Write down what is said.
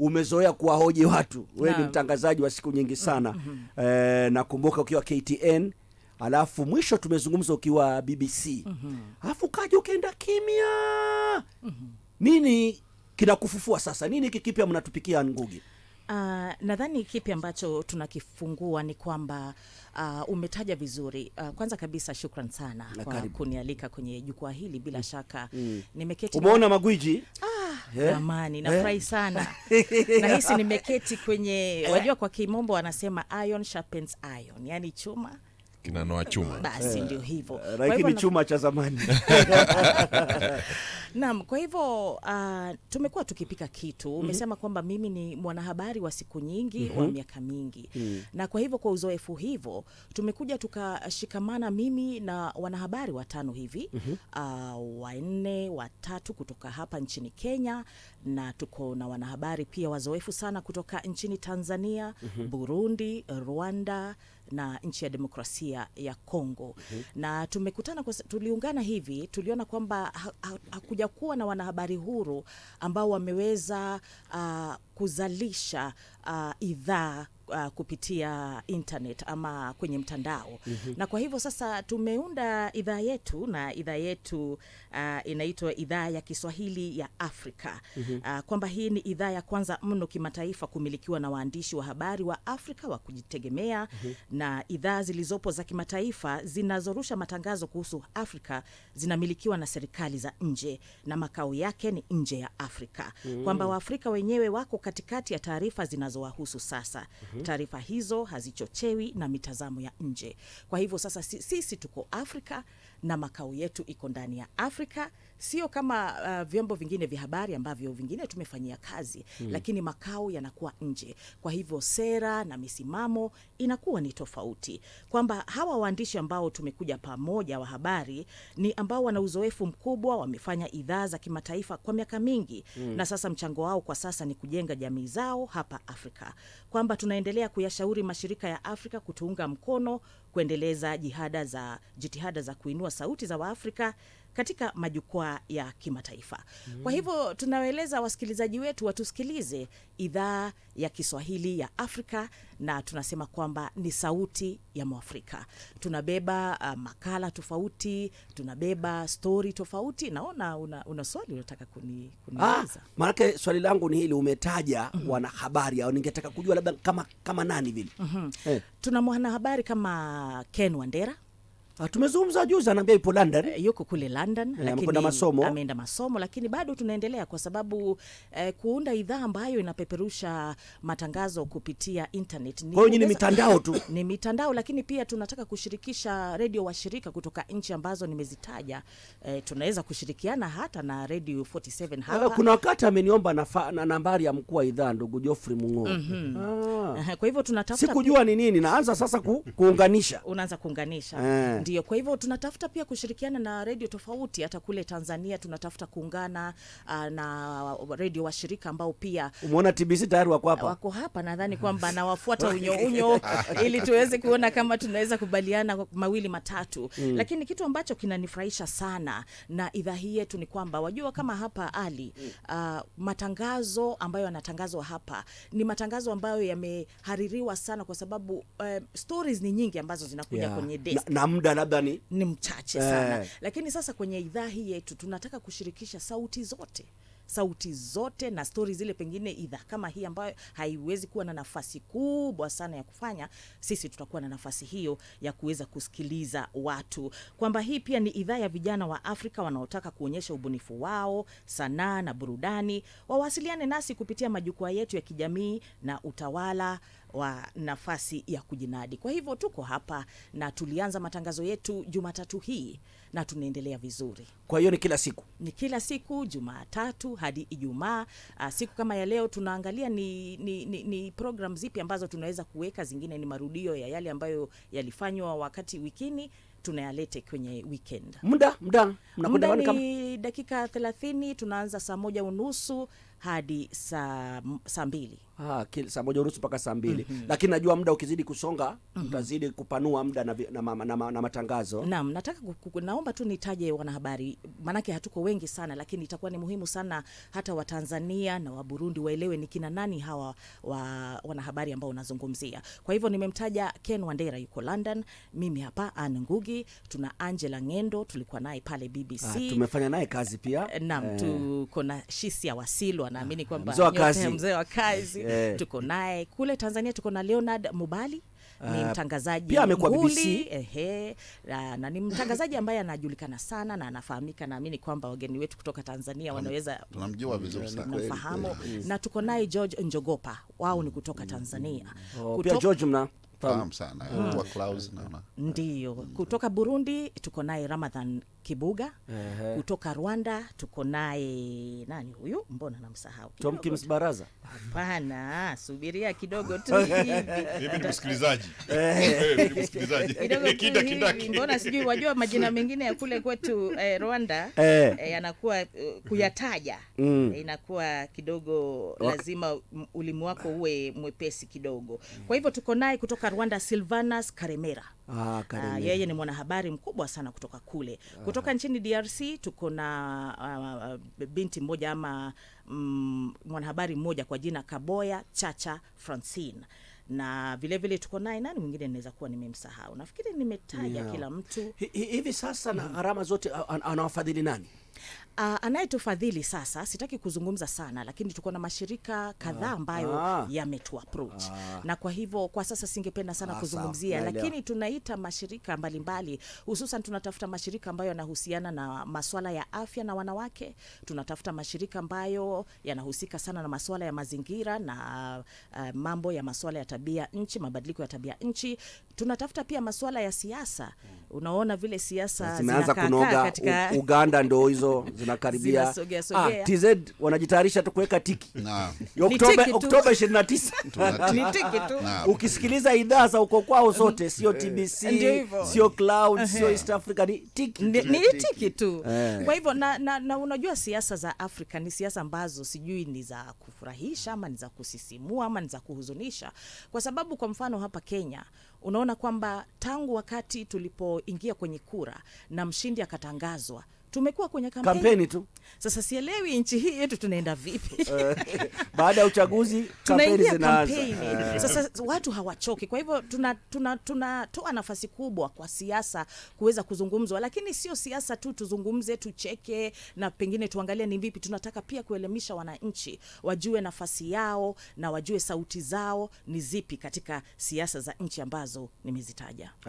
umezoea kuwahoji watu, wewe ni mtangazaji wa siku nyingi sana mm -hmm. E, nakumbuka ukiwa KTN alafu mwisho tumezungumza ukiwa BBC mm -hmm. alafu kaja ukaenda kimya mm -hmm. nini kinakufufua sasa? Nini hiki kipya mnatupikia Ngugi? Uh, nadhani kipi ambacho tunakifungua ni kwamba uh, umetaja vizuri uh, kwanza kabisa shukran sana kwa kunialika kwenye jukwaa hili bila mm. shaka mm. nimeketi umeona magwiji ah, Jamani eh? yeah. Nafurahi yeah. sana nahisi nimeketi kwenye yeah. Wajua, kwa kimombo wanasema iron sharpens iron, yani chuma kinanoa chuma basi, eh, ndio hivyo, lakini eh, chuma cha zamani. Naam, kwa hivyo uh, tumekuwa tukipika kitu. Mhm. Umesema mm -hmm. kwamba mimi ni mwanahabari wa siku nyingi mm -hmm. wa mhm. miaka mingi mm -hmm. na kwa hivyo, kwa uzoefu hivyo tumekuja tukashikamana, mimi na wanahabari watano hivi mm -hmm. uh, wanne watatu kutoka hapa nchini Kenya na tuko na wanahabari pia wazoefu sana kutoka nchini Tanzania mm -hmm. Burundi, Rwanda na nchi ya demokrasia ya, ya Kongo mm -hmm. na tumekutana kwa, tuliungana hivi tuliona kwamba hakuja ha, kuwa na wanahabari huru ambao wameweza uh, kuzalisha uh, idhaa Uh, kupitia internet ama kwenye mtandao mm -hmm. Na kwa hivyo sasa tumeunda idhaa yetu na idhaa yetu uh, inaitwa idhaa ya Kiswahili ya Afrika mm -hmm. uh, kwamba hii ni idhaa ya kwanza mno kimataifa kumilikiwa na waandishi wa habari wa Afrika wa kujitegemea mm -hmm. Na idhaa zilizopo za kimataifa zinazorusha matangazo kuhusu Afrika zinamilikiwa na serikali za nje na makao yake ni nje ya Afrika mm -hmm. Kwamba Waafrika wenyewe wako katikati ya taarifa zinazowahusu sasa. mm -hmm. Taarifa hizo hazichochewi na mitazamo ya nje. Kwa hivyo sasa sisi tuko Afrika na makao yetu iko ndani ya Afrika, sio kama uh, vyombo vingine vya habari ambavyo vingine tumefanyia kazi mm. Lakini makao yanakuwa nje, kwa hivyo sera na misimamo inakuwa ni tofauti, kwamba hawa waandishi ambao tumekuja pamoja wa habari ni ambao wana uzoefu mkubwa, wamefanya idhaa za kimataifa kwa miaka mingi mm. Na sasa mchango wao kwa sasa ni kujenga jamii zao hapa Afrika, kwamba tunaendelea kuyashauri mashirika ya Afrika kutuunga mkono kuendeleza jihada za jitihada za kuinua sauti za Waafrika katika majukwaa ya kimataifa. Mm. Kwa hivyo tunaweleza wasikilizaji wetu watusikilize idhaa ya Kiswahili ya Afrika na tunasema kwamba ni sauti ya Mwafrika. Tunabeba uh, makala tofauti, tunabeba stori tofauti. Naona una, una swali unataka kuni, kuniuliza. Ah, maanake swali langu ni hili, umetaja mm -hmm. wanahabari au ningetaka kujua labda kama, kama nani vile mm -hmm. eh. Tuna mwanahabari kama Ken Wandera Ah, tumezungumza juzi, anaambia yupo London, eh, yuko kule London, eh, lakini masomo, ameenda masomo, lakini bado tunaendelea kwa sababu eh, kuunda idhaa ambayo inapeperusha matangazo kupitia internet ni, kwa hiyo ni mitandao tu ni mitandao, lakini pia tunataka kushirikisha redio washirika kutoka nchi ambazo nimezitaja. Eh, tunaweza kushirikiana hata na Radio 47 ah, hapa. Kuna wakati ameniomba na nambari ya mkuu wa idhaa ndugu Geoffrey Mung'o. mm -hmm. Ah. Kwa hivyo tunatafuta, sikujua ni nini, naanza sasa ku, kuunganisha, unaanza kuunganisha eh. Ndio, kwa hivyo tunatafuta pia kushirikiana na redio tofauti hata kule Tanzania, tunatafuta kuungana uh, na redio wa shirika ambao pia umeona TBC tayari wako hapa, wako hapa. Nadhani kwamba nawafuata unyo unyo ili tuweze kuona kama tunaweza kubaliana mawili matatu mm. Lakini kitu ambacho kinanifurahisha sana na idhaa hii yetu ni kwamba wajua, kama hapa Ali uh, matangazo ambayo yanatangazwa hapa ni matangazo ambayo yamehaririwa sana, kwa sababu uh, stories ni nyingi ambazo zinakuja yeah. kwenye desk na, na muda labda ni, ni mchache eh. sana Lakini sasa kwenye idhaa hii yetu tunataka kushirikisha sauti zote sauti zote na stori zile, pengine idhaa kama hii ambayo haiwezi kuwa na nafasi kubwa sana ya kufanya, sisi tutakuwa na nafasi hiyo ya kuweza kusikiliza watu, kwamba hii pia ni idhaa ya vijana wa Afrika wanaotaka kuonyesha ubunifu wao, sanaa na burudani. Wawasiliane nasi kupitia majukwaa yetu ya kijamii na utawala wa nafasi ya kujinadi. Kwa hivyo tuko hapa na tulianza matangazo yetu Jumatatu hii na tunaendelea vizuri. Kwa hiyo ni kila siku, ni kila siku Jumatatu hadi Ijumaa. Ah, siku kama ya leo tunaangalia ni, ni, ni, ni program zipi ambazo tunaweza kuweka, zingine ni marudio ya yale ambayo yalifanywa wakati wikini tunayalete kwenye weekend. Muda muda mnakwenda kama dakika 30, tunaanza saa moja unusu hadi saa mbili ah, saa moja unusu mpaka saa mbili mm -hmm. Lakini najua muda ukizidi kusonga mm -hmm. utazidi kupanua muda na, na, na, na, na matangazo. Naam, nataka naomba tu nitaje wanahabari, maanake hatuko wengi sana, lakini itakuwa ni muhimu sana hata Watanzania na Waburundi waelewe ni kina nani hawa wa, wanahabari ambao unazungumzia. Kwa hivyo nimemtaja Ken Wandera yuko London, mimi hapa Anne Ngugi, tuna Angela Ngendo tulikuwa naye pale BBC. Ah, tumefanya naye kazi pia. Naam, eh. tuko na Shisia Wasilwa wanaamini naamini ah, kwamba mzee wa kazi yeah. Eh, eh. Tuko naye kule Tanzania, tuko na Leonard Mubali ni ah, mtangazaji pia ehe, na ni mtangazaji ambaye anajulikana sana na anafahamika. Naamini kwamba wageni wetu kutoka Tanzania wanaweza tunamjua vizuri sana na tuko naye George Njogopa, wao ni kutoka Tanzania. Oh, pia George mna fahamu sana, mm. ndio kutoka Burundi tuko naye Ramadhan Kibuga uh-huh. kutoka Rwanda tuko naye nani huyu, mbona namsahau? Kims Baraza? Hapana, subiria kidogo tu hivi, ni msikilizaji mbona sijui, wajua majina mengine ya kule kwetu eh, Rwanda eh. Eh, yanakuwa eh. eh, kuyataja mm. eh, inakuwa kidogo lazima ulimi wako uwe mwepesi kidogo. Kwa hivyo tuko naye kutoka Rwanda Silvanas Karemera Ah, uh, yeye ni mwanahabari mkubwa sana kutoka kule ah. kutoka nchini DRC tuko na uh, binti mmoja ama mm, mwanahabari mmoja kwa jina Kaboya Chacha Francine na vilevile tuko naye nani mwingine naweza kuwa nimemsahau, nafikiri nimetaja yeah, kila mtu hivi sasa na gharama mm. zote anawafadhili nani? Uh, anayetufadhili sasa, sitaki kuzungumza sana, lakini tuko na mashirika kadhaa ah, ambayo ah, yametu approach ah, na kwa hivyo kwa sasa singependa sana ah, kuzungumzia yeah, lakini tunaita mashirika mbalimbali, hususan tunatafuta mashirika ambayo yanahusiana na maswala ya afya na wanawake. Tunatafuta mashirika ambayo yanahusika sana na maswala ya mazingira na uh, mambo ya maswala ya tabia nchi, mabadiliko ya tabia nchi. Tunatafuta pia masuala ya siasa. Hmm. Unaona vile siasa kunoga katika Uganda, ndo hizo zinakaribia Ah, TZ wanajitayarisha tu kuweka tiki Oktoba 29 ukisikiliza idhaa za uko kwao zote, mm-hmm. sio eh, TBC sio Cloud sio East Africa, ni tiki ni, ni tiki tu eh. Kwa hivyo na, na, na unajua siasa za Afrika ni siasa ambazo sijui ni za kufurahisha ama ni za kusisimua ama ni za kuhuzunisha, kwa sababu kwa mfano hapa Kenya unaona kwamba tangu wakati tulipoingia kwenye kura na mshindi akatangazwa tumekuwa kwenye kampeni, kampeni tu. Sasa sielewi nchi hii yetu tunaenda vipi? Eh, baada ya uchaguzi tunaingia kampeni, eh. Sasa watu hawachoki, kwa hivyo tunatoa tuna, tuna nafasi kubwa kwa siasa kuweza kuzungumzwa, lakini sio siasa tu tuzungumze, tucheke na pengine tuangalie ni vipi. Tunataka pia kuelimisha wananchi wajue nafasi yao na wajue sauti zao ni zipi katika siasa za nchi ambazo nimezitaja. Ah.